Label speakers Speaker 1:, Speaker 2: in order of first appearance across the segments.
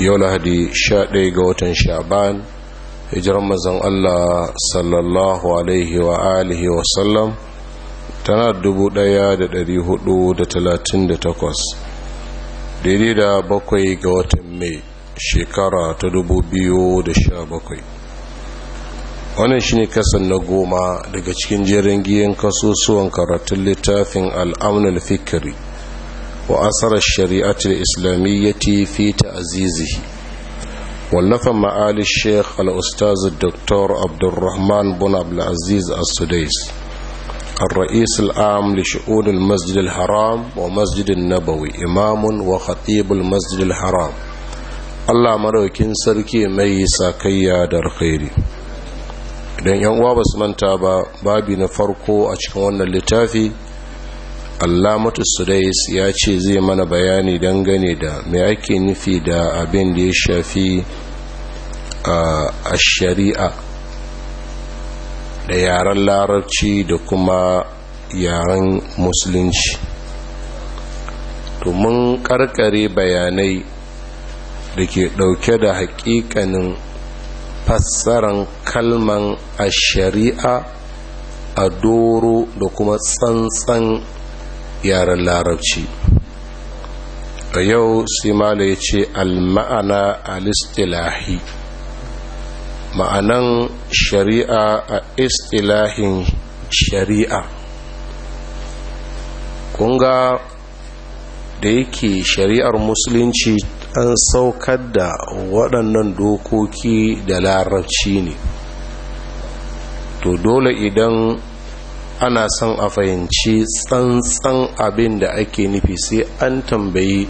Speaker 1: yau lahadi 11 ga watan sha'ban hijiran mazan Allah sallallahu alaihi wa alihi wa sallam tana takwas, daidai da bakwai ga watan mai shekara ta 2017 wannan shi ne kasan na goma daga cikin jerin giyan kasusuwan karatun littafin al'amnal fikiri وأثر الشريعة الإسلامية في تعزيزه ولف معالي الشيخ الأستاذ الدكتور عبد الرحمن بن عبد العزيز السديس الرئيس العام لشؤون المسجد الحرام ومسجد النبوي إمام وخطيب المسجد الحرام Allah maraukin sarki mai sakayya da alkhairi idan yan uwa basu manta ba babi na farko a cikin wannan littafi allamatu sudais ya ce zai mana bayani dangane da mai ake nufi da abin da ya shafi a shari'a da yaren larabci da kuma yaren musulunci tumin karkare bayanai da ke dauke da hakikanin fassaran kalman a shari'a a doro da kuma tsantsan yaran larabci a yau simala ya ce al-ma'ana al-istilahi ma'anan shari'a a istilahin shari'a kunga da yake shari'ar musulunci an saukar da waɗannan dokoki da larabci ne to dole idan ana son a fahimci tsantsan abin da ake nufi sai an tambayi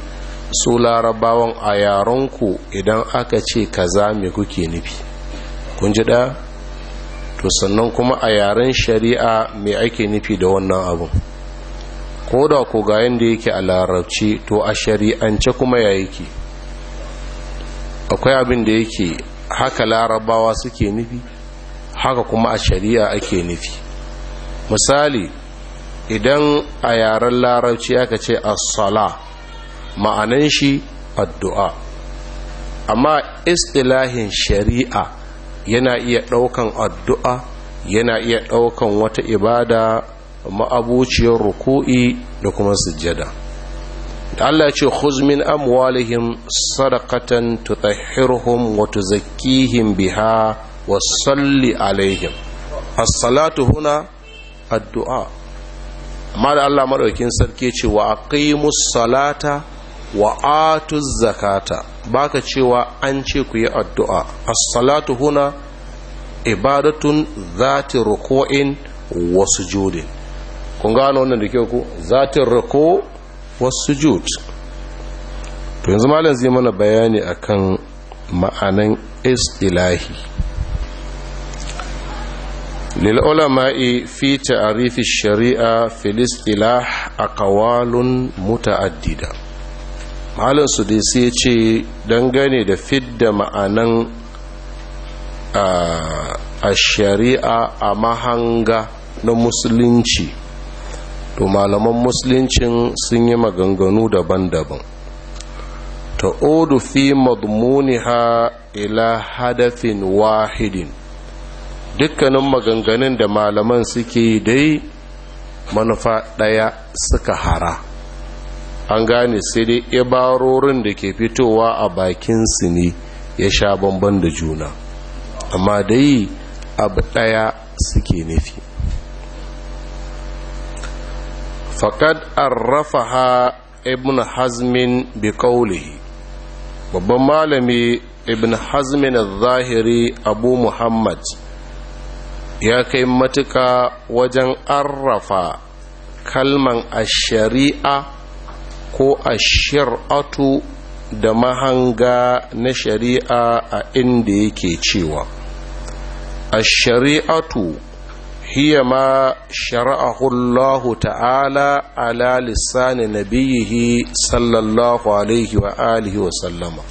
Speaker 1: su larabawan a yaronku idan aka ce kaza me kuke nufi kun ji da to sannan kuma a yaren shari'a me ake nufi da wannan abin ko da ku ga yadda yake a larabci to a shari'ance kuma ya yake akwai abin da yake haka larabawa suke nufi haka kuma a shari'a ake nufi misali idan a yaren larabci aka ce asala sala ma'anan shi addu'a amma istilahin shari'a yana iya ɗaukan addu'a yana iya ɗaukan wata ibada ma'abuciyar ruku'i da kuma sujjada da Allah ce huzmin amwalihim sadakatan tutahhiruhum wa tuzakkihim biha wa salli alaihim as-salatu huna addu'a amma da Allah maɗaukin sarki ce wa aqimus salata wa atuz zakata ka cewa an ce ku yi addu'a a salatu huna ibadatun zati ruku'in wasu jude kun gano wannan da kyau ku zati ruku wasu jude to yanzu malam zai mana bayani akan ma'anan is ilahi. للعلماء في تعريف الشريعة في الاصطلاح أقوال متعددة malam su dai sai ce dangane da fidda ma'anan a shari'a a mahanga na musulunci to malaman musuluncin sun yi maganganu daban-daban ta odu fi madmuniha ila hadafin wahidin dukkanin maganganun da malaman suke yi dai manufa ɗaya suka hara an gane sai dai ibarorin da ke fitowa a bakinsu ne ya sha bamban da juna amma dai abu ɗaya suke nufi faƙad ha ibn hazmin bi babban malami ibn hazmin zahiri abu muhammad ya kai matuka wajen arrafa kalman ashari'a ko ashir'atu da mahanga na shari'a a inda yake cewa ashari'atu hiya ma shara'ahu Allah ta'ala ala lisani nabiyihi sallallahu alaihi wa alihi wa sallama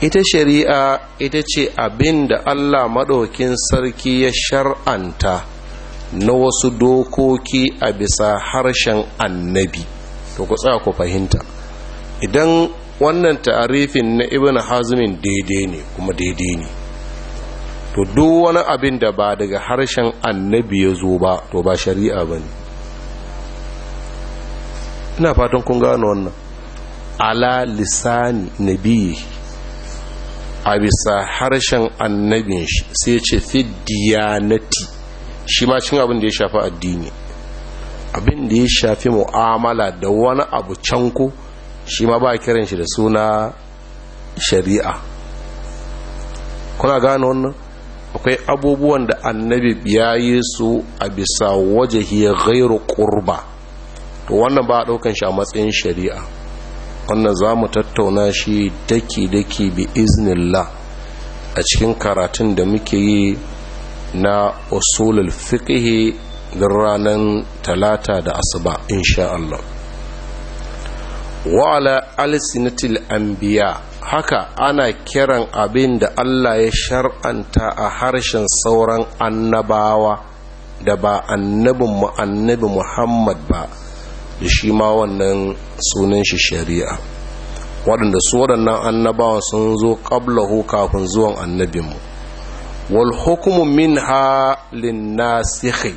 Speaker 1: ita shari'a ita ce abin da allah maɗaukin sarki ya shar'anta na wasu dokoki a bisa harshen annabi to ku tsaya ku fahimta idan wannan tarifin na ibn hazmin daidai ne kuma daidai ne to duk wani abin da ba daga harshen annabi ya zo ba to ba shari'a ba ne ina fatan kun gano wannan ala lisani nabiyi a bisa harshen annabin shi sai ce fiddiyanati shi ma cin abin da ya shafi addini abin da ya shafi mu'amala da wani abu canko shi ma ba kiran shi da suna shari'a kuna gane wannan akwai abubuwan da annabi ya yi su a bisa waje gairu ƙurba to wannan ba a daukan shi a matsayin shari'a wannan za mu tattauna shi daki-daki bi iznillah a cikin karatun da muke yi na usulul fiqhi don ranar talata da asuba insha Allah wa'ala alisinatil anbiya haka ana kiran abin da Allah ya shar'anta a harshen sauran annabawa da ba annabin mu annabi Muhammad ba da shi ma wannan sunan shi shari'a waɗanda su waɗannan annabawa sun zo ƙablahu kafin zuwan annabinmu wal hukumu min ha linnasihi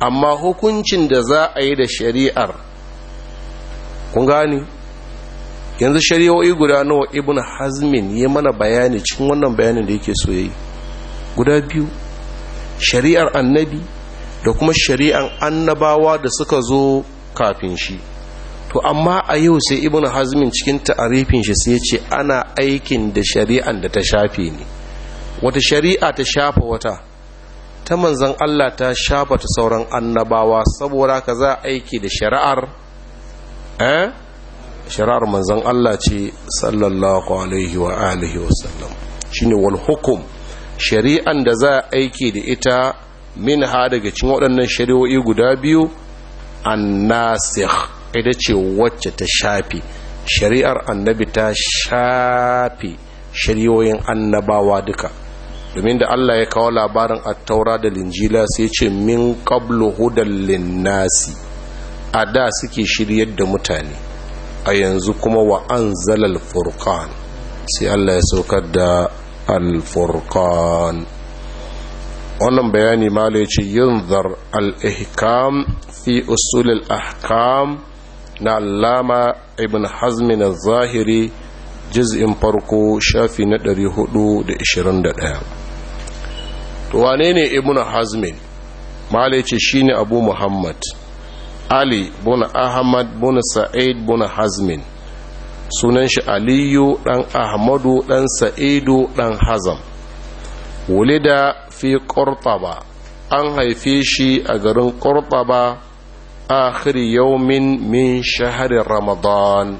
Speaker 1: amma hukuncin da za a yi da shari'ar kun gani yanzu shari'o'i guda nawa ibn hazmin ya mana bayani cikin wannan bayanin da yake so yi guda biyu shari'ar annabi da kuma shari'ar annabawa da suka zo kafin shi to amma a yau sai ibn hazmin cikin ta'arifin shi sai ce ana aikin da shari'an da ta shafe ne wata shari'a ta shafa wata ta manzan Allah ta shafa ta sauran annabawa saboda ka za aiki da shari'ar eh shari'ar manzan Allah ce sallallahu alaihi wa alihi wa sallam shine wal hukum shari'an da za aiki da ita min ha daga cikin waɗannan shari'o'i guda biyu annasikh ita ce wacce ta shafi shari'ar annabi ta shafi shari'oyin annabawa duka domin da Allah ya kawo labarin taura da linjila sai ce min qablu hudal linnasi a da suke shiryar da mutane a yanzu kuma wa anzalal furqan sai Allah ya saukar da al-furqan wannan bayani ma ce yin zar al-ihkam fi ahkam na allama ibn hazmi na zahiri juz'in farko shafi na 421 to wane ne ibn hazmin malai ce shine abu muhammad ali bin ahmad bin sa'id bin hazmin sunan shi aliyu dan ahmadu dan sa'idu dan hazam wulida fi qurtaba an haife shi a garin qurtaba akhiri yaumin min shaharin ramadan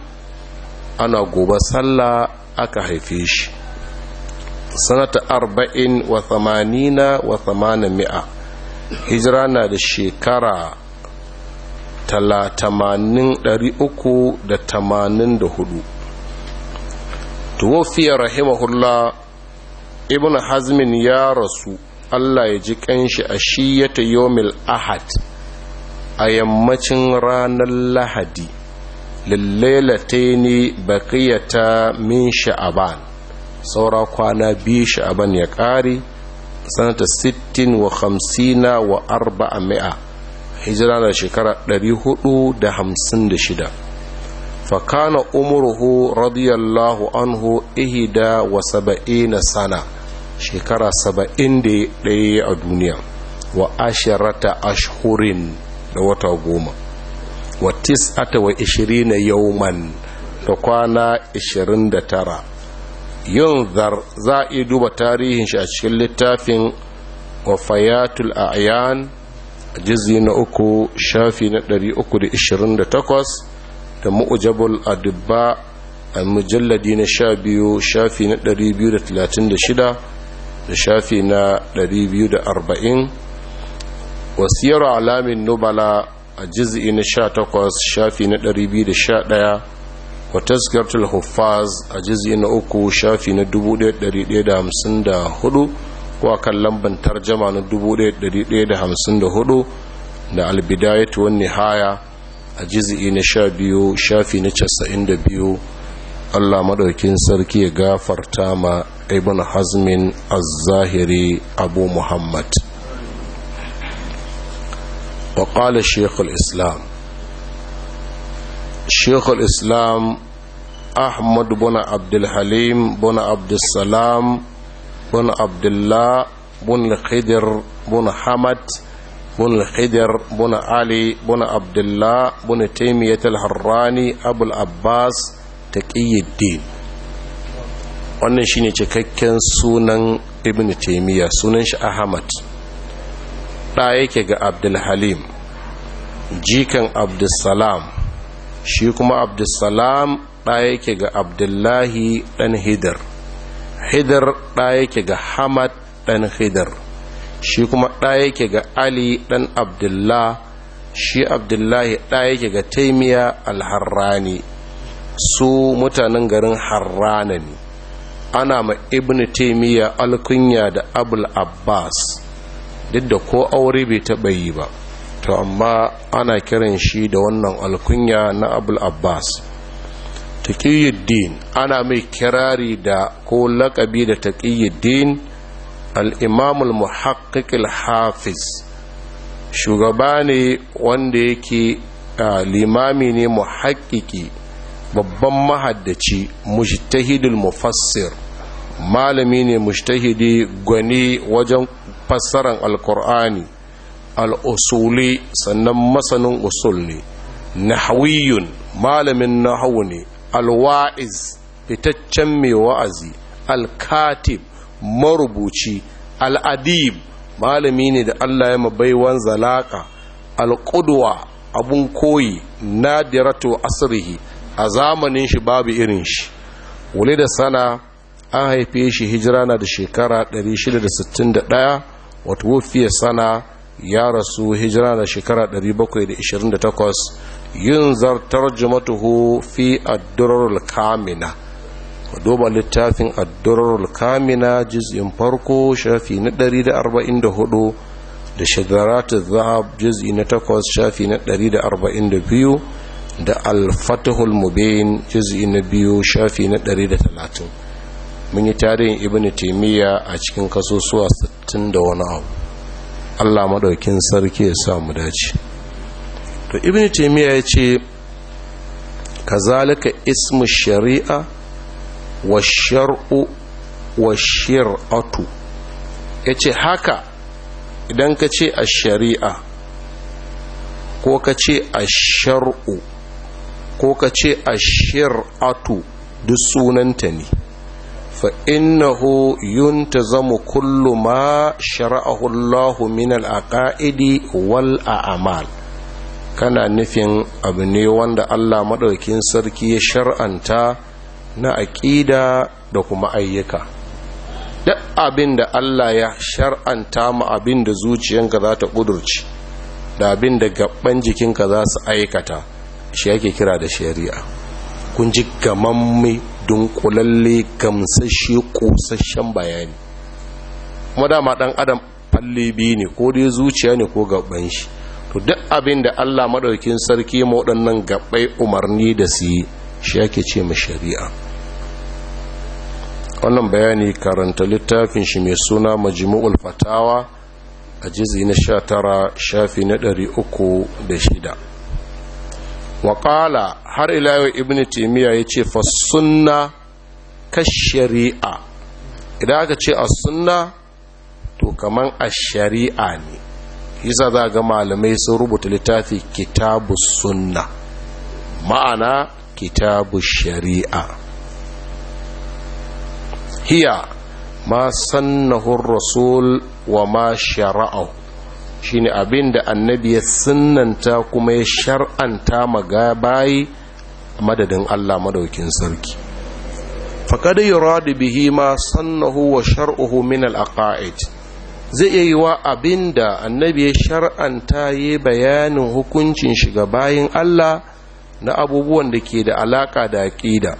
Speaker 1: ana gobe sallah aka haife shi sanata arba'in wa thamanina wa thamanin mi'a hijira na da shekara talatamanin ɗari uku da tamanin da hudu tuwofiya rahimahullah ibn hazmin ya rasu allah ya ji kanshi a shiyata yomil ahad a yammacin ranar lahadi ne baqiyata min sha'aban saura kwana biyu sha'aban ya ƙare sanata sittin wa 50 wa 400 hijira na shekara shida. fakana umruhu radiyallahu anhu ihda wa na sana shekara saba'in da ɗaya a duniya wa ashirata ashhurin da wata goma wa ata wa ishirina yauman da kwana ishirin da tara yin zar za a iya duba tarihin shi a cikin littafin wafayatul a'yan a jizi na uku shafi na uku da ishirin da takwas, mu'ujabul adubba a mujalladi na sha biyu shafi na biyu da talatin da da shida shafi na biyu da arba'in. wasiyar alamin nubala a jiz'i na takwas shafi na 211 wa tasgartul huffaz a jiz'i na uku shafi na 1154 kuwa kan lamban tarjama na 1154 da albidayatu wani haya a jiz'i na biyu shafi na 92 Allah maɗaukin sarki ya gafarta ma ibn hazmin az-zahiri abu muhammad وقال ƙala الإسلام islam الإسلام أحمد بن عبد الحليم بن عبد السلام بن عبد الله بن الخدر بن حمد بن الخدر بن علي بن عبد الله بن تيمية الهراني أبو العباس تقي الدين wannan shine cikakken sunan ibn taymiya sunan shi ahmad ɗa yake ga abdulhalim jikan abdulsalam shi kuma abdulsalam ɗa yake ga abdullahi ɗan hidar hidar ɗa yake ga hamad ɗan hidar shi kuma ɗa yake ga ali ɗan abdullah shi abdullahi ɗa yake ga taimiya alharrani su mutanen garin harrana ne ana ma ibn taimiya alkunya da abul abbas duk da ko aure bai taɓa yi ba to amma ana kiran shi da wannan alkunya na abul abbas taqiyuddin ana mai kirari da ko laƙabi da taqiyuddin al-imam al-muhaqqiq al-hafiz shugaba ne wanda yake limami ne muhakkiki babban mahaddaci mujtahidul mufassir malami ne mujtahidi gwani wajen fassaran alkur'ani al'usuli sannan masanin usul ne nahawiyun malamin nahawu ne alwa'iz fitaccen mai wa'azi alkatib marubuci al'adib malami ne da allah ya mabaiwan zalaka alƙudwa abun koyi nadiratu asirihi a zamanin shi babu irin shi wule da sana an haife shi hijira na da shekara 661 wata sana ya rasu hijira da shekara 728 yin zartar jimatuhu fi addurarul kamina duba littafin addurarul kamina jiz'in farko shafi na 144 da shagaratun zahab jiz'i na 8 shafi na 142 da alfatahul mubin jiz'i na biyu shafi na 130 mun yi tarihin ibn taimiyya a cikin kasusuwa 60 da wani abu allah maɗaukin sarki ya sa mu dace to ibn taimiyya ya ce kazalika ismu shari'a wa shar'u wa shir'atu ya ce haka idan ka ce a shari'a ko ka ce a shar'u ko ka ce a shir'atu duk sunanta ne fa innahu zama kullu ma shara'ahu Allahu min al-aqaidi wal a'mal kana nufin abu ne wanda Allah maɗaukin sarki ya shar'anta na aƙida da kuma ayyuka duk abin da Allah ya shar'anta ma abin da zuciyanka za ta kudurci da abin da gaban jikinka za su aikata shi yake kira da shari'a kun ji gamammi dunkulalle gamsashe kosashen bayani kuma dama dan adam falle biyu ne ko dai zuciya ne ko gaban shi to duk abin da Allah maɗaukin sarki ma waɗannan gabbai umarni da su yi shi yake ce ma shari'a wannan bayani karanta littafin shi mai suna majmu'ul fatawa a jizi na 19 shafi na 306 waƙala har ilayewa ibn Timiya ya ce fasunna ka shari'a idan aka ce a sunna to kamar a shari'a ne yasa za ga malamai sun rubuta littafi kitabu sunna ma'ana kitabu shari'a hiya ma sannahun rasul wa ma shara'au shine abin da annabi ya sunanta kuma ya shar'anta maga bayi madadin Allah madaukin sarki faqad yuradu bihi ma sannahu wa shar'uhu min al zai iya yiwa abinda annabi ya shar'anta yi bayanin hukuncin shiga bayin Allah na abubuwan da ke da alaƙa da aqida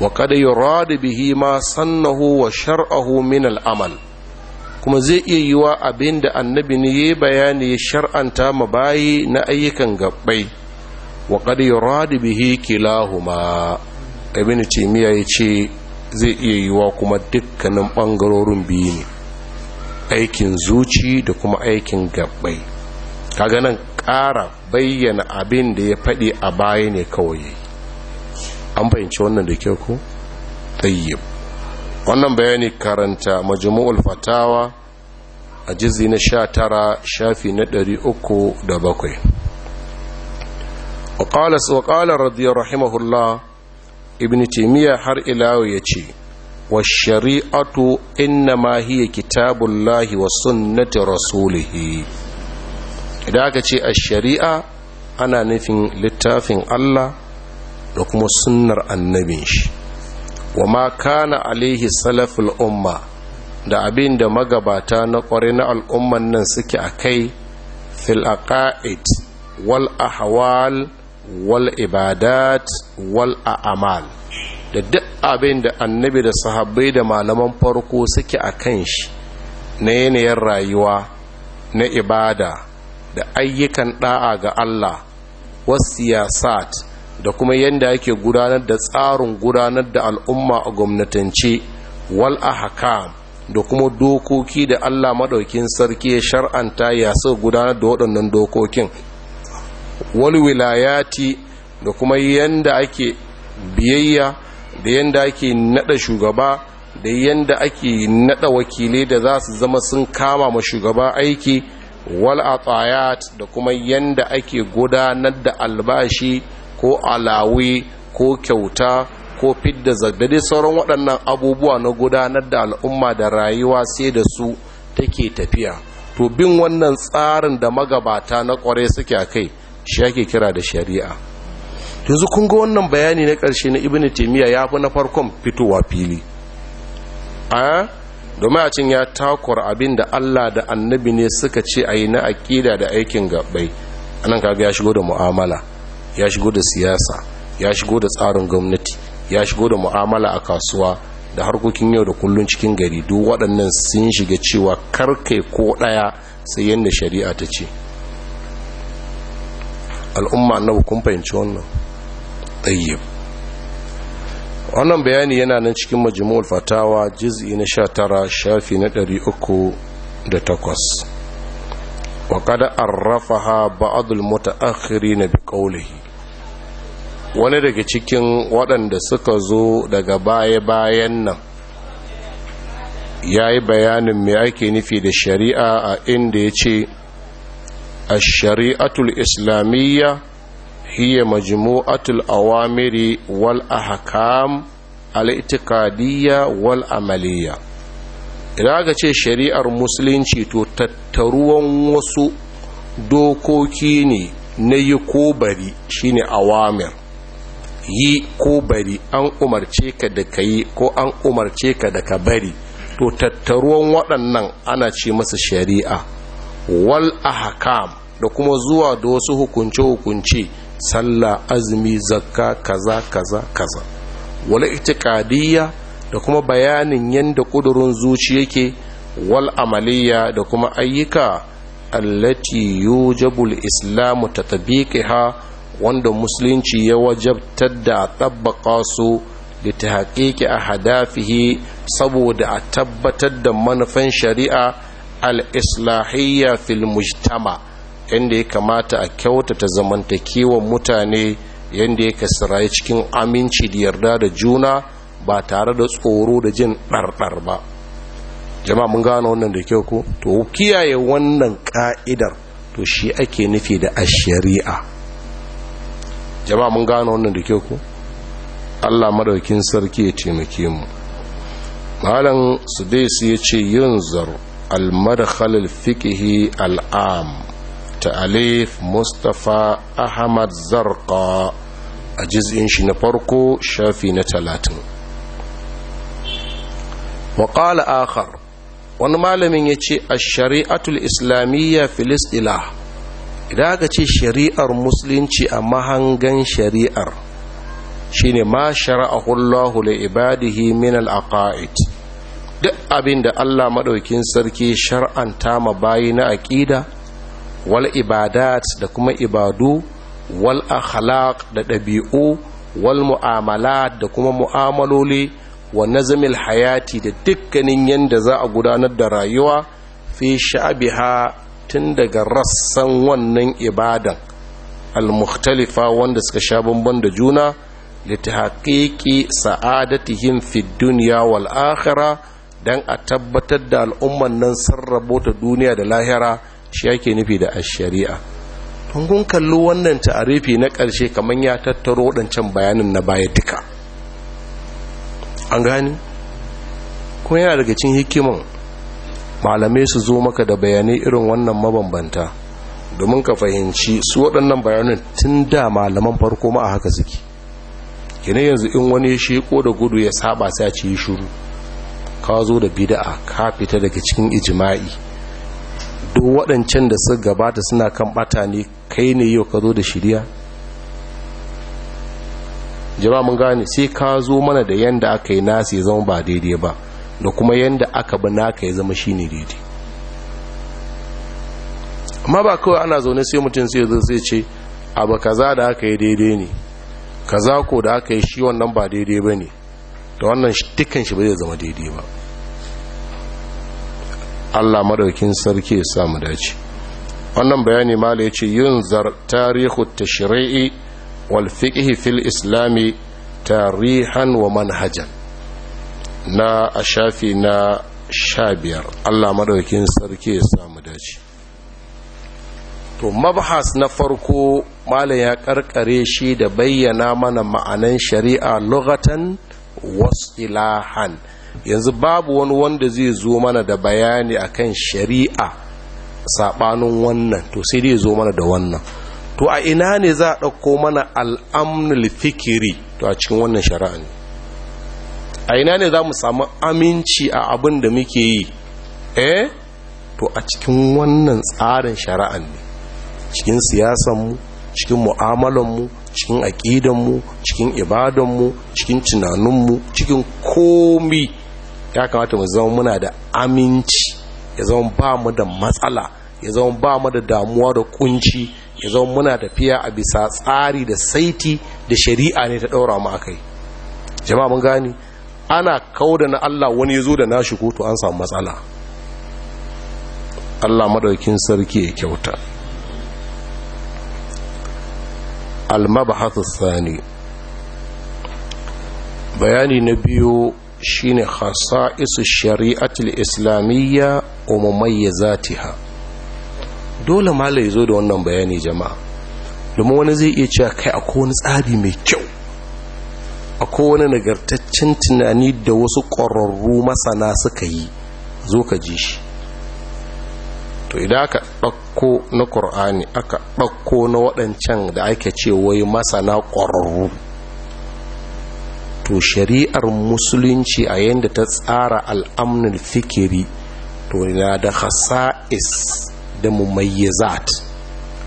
Speaker 1: wa qad yuradu bihi ma sannahu wa shar'uhu min al-amal kuma zai iya yiwa abin da annabi ne ya bayani ya shar'anta ma bayi na ayyukan gabbai wa qad yuradu bihi kilahuma ibn timiya yace zai iya yi wa kuma dukkanin bangarorin biyu ne aikin zuci da kuma aikin gabbai kaga nan ƙara bayyana abin da ya faɗi a baya ne kawai an fahimci wannan da kyau ko tayyib wannan bayani karanta majmu'ul fatawa a jizi na sha tara shafi na ɗari uku da bakwai waƙalar radiyar rahimahullah ibn taimiyya har ilawo ya ce wa shari'atu inna ma hiya kitabullahi wa sunnati rasulihi idan aka ce a shari'a ana nufin littafin Allah da kuma sunnar annabin shi wa ma kana alaihi salaful umma da abin da magabata na kware na al'umman nan suke a kai fil aqaid wal ahwal wal ibadat wal a'mal da duk abin da annabi da sahabbai da malaman farko suke a kan shi na yanayin rayuwa na ibada da ayyukan da'a ga Allah wasu siyasat da kuma yadda ake gudanar da tsarin gudanar da al'umma a gwamnatance wal haka da kuma dokoki da Allah maɗaukin sarki ya shar'anta ya su gudanar da waɗannan dokokin wal wilayati da kuma yadda ake biyayya da yadda ake naɗa shugaba da yadda ake naɗa wakilai da za su zama sun kama ma shugaba aiki wal atayat da kuma yadda ake gudanar da albashi ko alawi ko kyauta ko fidda zagda sauran waɗannan abubuwa na gudanar da al'umma da rayuwa sai da su take tafiya to bin wannan tsarin da magabata na ƙwarai suke a kai shi ake kira da shari'a yanzu kun ga wannan bayani na ƙarshe na ibn taimiyya ya fi na farkon fitowa fili a domin a cin ya takwar abin da allah da annabi ne suka ce a yi na aƙida da aikin gabai anan kaga ya shigo da mu'amala ya shigo da siyasa ya shigo da tsarin gwamnati ya shigo da mu'amala a kasuwa da harkokin yau da kullun cikin gari duk waɗannan sun shiga cewa karkai ko ɗaya sai yadda shari'a ta ce al'umma na kun fahimci wannan tsayyib wannan bayani yana nan cikin majmu'ul fatawa jizi na sha tara shafi na takwas. وقد عرفها بعض ba'adul بقوله bi wani daga cikin waɗanda suka zo daga baya-bayan nan yayi bayanin me ake nufi da shari'a a inda yace a shariatul islamiyya hiya majmu'atul awamiri wal ahkam al-i'tiqadiyya wal amaliyya idan aka ce shari'ar musulunci to tattaruwan wasu dokoki ne na yi ko bari shine awamir yi ko bari an umarce ka da ka yi ko an umarce ka da ka bari to tattaruwan waɗannan ana ce masa shari'a wal ahkam da kuma zuwa da wasu hukunce-hukunce sallah azumi zakka kaza kaza kaza wala itikadiyya da kuma bayanin yadda ƙudurin zuci yake wal amaliya da kuma ayyuka allati ta islam tatbiqiha wanda musulunci ya wajabtar da tabbaka su da ta haƙiƙi a hadafihi saboda a tabbatar da manufan shari'a al-islahiyya fil mujtama inda ya kamata a kyautata zamantakewa mutane yadda ya sirayi cikin aminci da yarda da juna ba tare da tsoro da jin ɗarɗar ba jama'a mun gano wannan da kyau ko to kiyaye wannan ka'idar to shi ake nufi da shari'a. jama'a mun gano wannan da kyau ko Allah madaukin sarki ya taimake mu malam sudais yace ce yunzar al-madkhal al-fiqhi al-am ta'alif mustafa ahmad zarqa a juz'in shi na farko shafi na 30 وقال آخر wani malamin ya ce a shari'atul islamiyya filistila idan aka ce shari'ar musulunci a mahangan shari'ar shine ma shara'ahullahu li ibadihi min al-aqaid duk abin da Allah madaukin sarki shar'anta ma bayi na aqida wal ibadat da kuma ibadu wal akhlaq da ɗabi'u wal mu'amalat da kuma mu'amaloli wa nazamil hayati da dukkanin yadda za a gudanar da rayuwa fi sha'abiha tun daga rassan wannan ibadan al-mukhtalifa wanda suka sha bamban da juna litahqiqi sa'adatihim fid dunya wal akhirah dan a tabbatar da al'umman nan sun rabota duniya da lahira shi yake nufi da ash-shari'a kun kallo wannan ta'arifi na ƙarshe kaman ya tattaro wadancan bayanin na baya duka an gani kuma yana daga cin hikiman malamai su zo maka da bayanai irin wannan mabambanta domin ka fahimci su waɗannan bayanan tun da malaman farko ma a haka suke kina yanzu in wani ya sheko da gudu ya saba sai a ci shuru ka zo da bida'a ka fita daga cikin ijima'i duk waɗancan da su gabata suna kan ɓata ne kai ne yau ka zo da shirya jama'a mun gane sai ka zo mana da yanda aka yi nasi zama ba daidai ba da kuma yanda aka bi naka ya zama shine daidai amma ba kawai ana zaune sai mutum sai zo sai ce abu kaza da aka yi daidai ne kaza ko da aka yi shi wannan ba daidai ba ne da wannan dukkan shi ba zai zama daidai ba Allah madaukin sarki ya samu dace wannan bayani mala yace zar tarihu tashri'i wal fiqhi fil islami tarihan wa manhajan na a shafi na sha biyar allah maɗaukin sarki ya samu dace to mabhas na farko malam ya karkare shi da bayyana mana ma'anan shari'a lugatan wasilahan yanzu babu wani wanda zai zo mana da bayani akan shari'a saɓanin wannan to sai dai zo mana da wannan to a ina ne za a ɗauko mana al'amnul fikiri to a cikin wannan shari'a ne a ina ne za mu samu aminci a abin da muke yi eh to a cikin wannan tsarin shari'a ne cikin siyasanmu cikin mu'amalanmu cikin aƙidanmu cikin ibadanmu cikin tunaninmu cikin komi ya kamata mu zama muna da aminci ya zama ba mu da matsala ya zama ba mu da damuwa da kunci ya zo muna tafiya a bisa tsari da saiti da shari'a ne ta ɗaura mu akai jama'a mun gani ana kauda na Allah wani ya zo da nashi ko to an samu matsala Allah madaukin sarki ya kyauta al-mabahathu thani bayani na biyo shine khasa'isu shari'atul islamiyya wa mumayyizatiha dole malai zo da wannan bayani jama'a domin wani zai iya cewa kai akwai wani tsari mai kyau akwai wani nagartaccen tunani da wasu ƙwararru masana suka yi zo ka ji shi to idan aka ɗauko na ƙur'ani aka ɗauko na waɗancan da ake ce wai masana ƙwararru to shari'ar musulunci a yadda ta tsara al'amnul fikiri to na da hasa'is da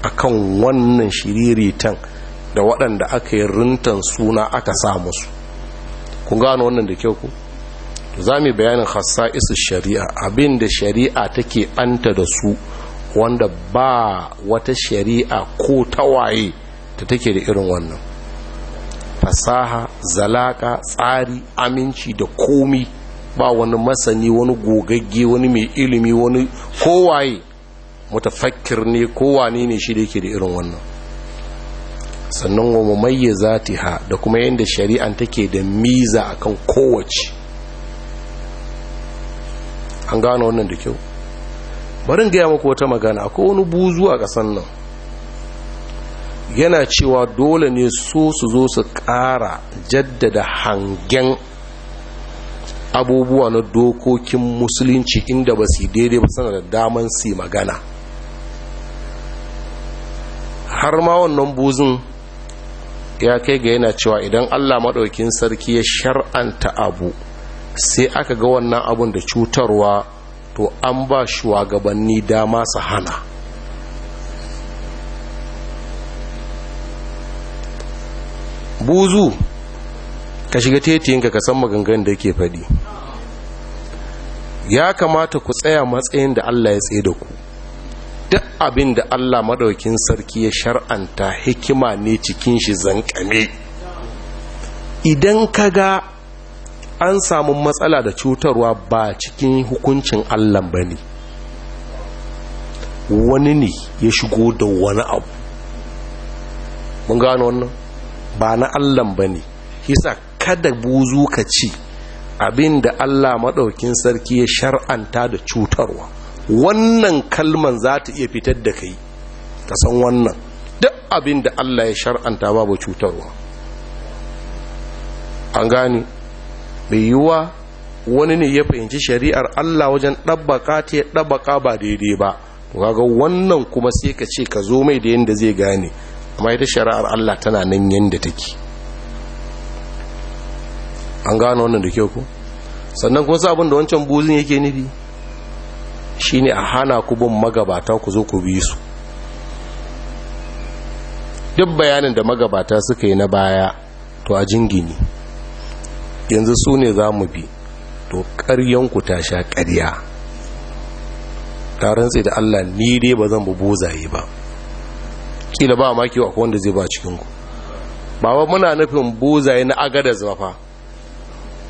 Speaker 1: a kan wannan shiriritan da waɗanda aka yi rintan suna aka sa musu kun gano wannan da kyau ku za mu bayanin isu shari'a abinda shari'a take anta da su wanda ba wata shari'a ko tawaye ta take da irin wannan fasaha zalaka tsari aminci da komi ba wani masani wani gogagge wani mai ilimi wani kowaye mutafakkir ne kowane ne shi da yake da irin wannan sannan wa mumayyiza ha da kuma yadda shari'an take da miza akan kowace an gano wannan da kyau barin gaya muku wata magana akwai wani buzu a ƙasan nan yana cewa dole ne so su zo su ƙara jaddada hangen abubuwa na dokokin musulunci inda ba su daidai ba sana da daman su magana har ma wannan buzun ya kai ga yana cewa idan allah maɗaukin sarki ya shar'anta abu sai aka ga wannan abun da cutarwa to an ba shugabanni dama su hana buzu ka shiga tetiyinka ka san maganganun da yake faɗi ya kamata ku tsaya matsayin da allah ya tsaye da ku duk abin da Allah maɗaukin sarki ya shar'anta hikima ne cikin shi zanƙame idan ka ga an samu matsala da cutarwa ba cikin hukuncin Allah ba ne wani ne ya shigo da wani abu mun gano wannan ba na Allah ba ne hisa kada buzu ka ci abin da Allah maɗaukin sarki ya shar'anta da cutarwa wannan kalman za ta iya fitar da kai ka san wannan duk abin da Allah ya shar'anta babu cutarwa an gane mai yiwuwa wani ne ya fahimci shari'ar Allah wajen ɗabbaka ta ya ɗabbaka ba daidai ba ga wannan kuma sai ka ce ka zo mai da yadda zai gane amma ita shari'ar Allah tana nan yadda take an gane wannan da kyau ku sannan kuma sa abin da wancan buzin yake nufi Shi ne a hana ku bin magabata ku zo ku bi su duk bayanin da magabata suka yi na baya to a jingini yanzu su ne za mu bi to ta sha karya. taron tsaye da allah ni dai ba zan bubu zaye ba kila ba maki wa wanda zai ba cikinku ba muna nufin buzaye na agadas ba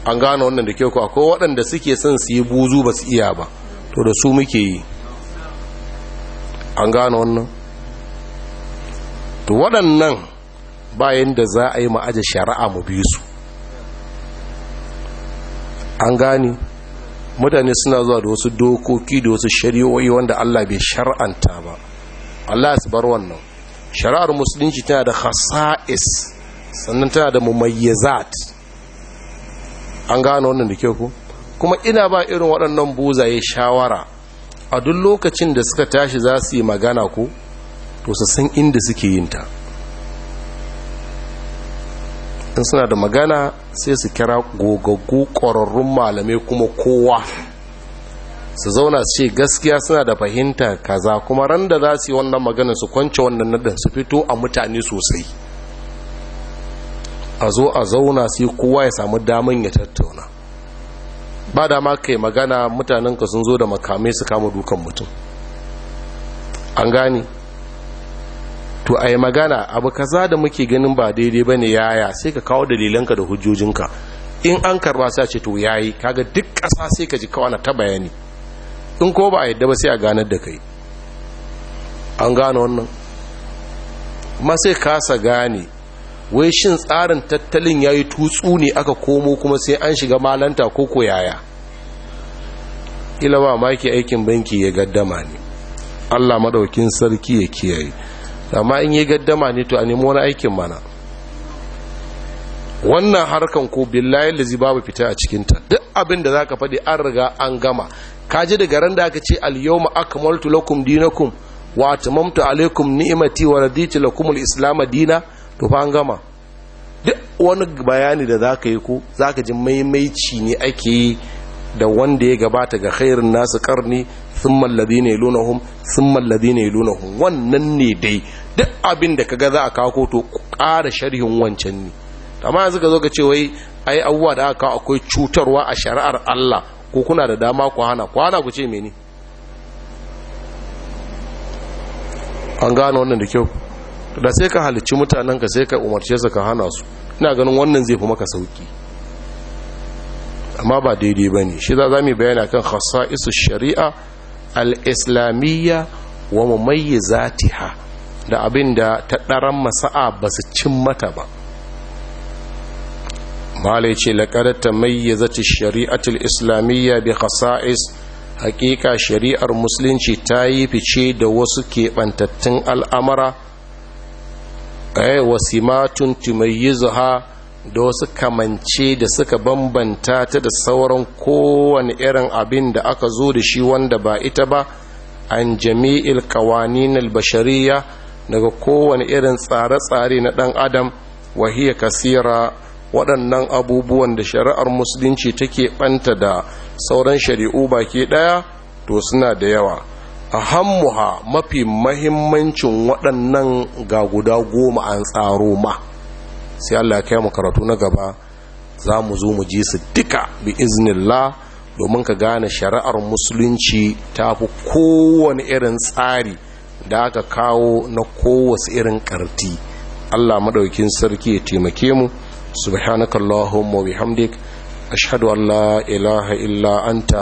Speaker 1: an gano wannan da kyau ku akwai waɗanda suke son su yi buzu ba su iya ba to da su muke yi an gano wannan to waɗannan bayan da za a yi ma'aji shari'a mu bi su an gani mutane suna zuwa da wasu dokoki da wasu shari'o'i wanda Allah bai shari'anta ba Allah ya bar wannan shari'ar musulunci tana da khasa'is sannan tana da mummayyazat an gano wannan da kyau ko kuma ina ba irin waɗannan buzaye shawara a duk lokacin da suka tashi za su yi magana ko to su san inda suke yin ta in suna da magana sai su kira gogaggu ƙwararrun malamai kuma kowa su zauna su ce gaskiya suna da fahimta kaza kuma ran da za su yi wannan magana su kwance wannan nadar su fito a mutane sosai a zo a zauna sai kowa ya samu daman ya tattauna ba da ma yi magana mutanen ka sun zo da makamai su kama dukan mutum an gani to a yi magana abu kaza da muke ganin ba daidai ba ne yaya sai ka kawo dalilanka da hujjojinka in an karba sa ce to yayi kaga duk ƙasa sai ka ji kawana ta bayani in ko ba a yadda ba sai a ganar da kai an gano wannan ma sai kasa gane wai shin tsarin tattalin ya yi tutsu ne aka komo kuma sai an shiga malanta ko koyaya ila mamaki aikin banki ya gaddama ne allah madaukin sarki ya kiyaye amma in yi gaddama ne to a nemo wani aikin mana wannan harkan ko billahi zai babu fita a cikinta duk abin da zaka faɗi an riga an gama Ka ji daga ran da aka ce al-yawma akmaltu lakum dinakum wa atamamtu alaykum ni'mati wa raditu lakum al-islam dina to fa an gama duk wani bayani da zaka yi ko zaka ji maimaici ne ake yi da wanda ya gabata ga khairin nasu karni thumma alladhina yalunhum thumma alladhina yalunhum wannan ne dai duk abin da kaga za a kawo to ƙara sharhin wancan ne amma yanzu ka zo ka ce wai ai abubuwa da aka akwai cutarwa a shari'ar Allah ko kuna da dama ku hana ku hana ku ce mene an gano wannan da kyau da sai ka halicci mutanen ka sai ka umarce su ka hana su ina ganin wannan zai fi maka sauki amma ba daidai ba ne shi za za mu bayani akan isu shari'a al-islamiyya wa mamayyizatiha da abin da ta ɗaran masa'a ba su cin mata ba malai ce lakarar ta mayyazati shari'atul islamiyya bi khasa'is haƙiƙa shari'ar musulunci ta yi fice da wasu keɓantattun al'amara ai eh, wasimatun tumayyizuha da wasu kamance da suka bambanta ta da sauran kowane irin abin da aka zo da shi wanda ba ita ba an jami'il kawanin albashariya daga kowane irin tsare-tsare na dan adam wahiya kasira waɗannan abubuwan da shari'ar musulunci take ɓanta da sauran shari'u baki ɗaya to suna da yawa ahammuha mafi mahimmancin waɗannan ga guda goma an tsaro ma sai Allah ya mu karatu na gaba za mu zo mu ji su duka bi iznillah domin ka gane shari'ar musulunci ta fi kowane irin tsari da aka kawo na kowace irin karti Allah maɗaukin sarki ya taimake mu subhanakallahumma bihamdik ashhadu an la ilaha illa anta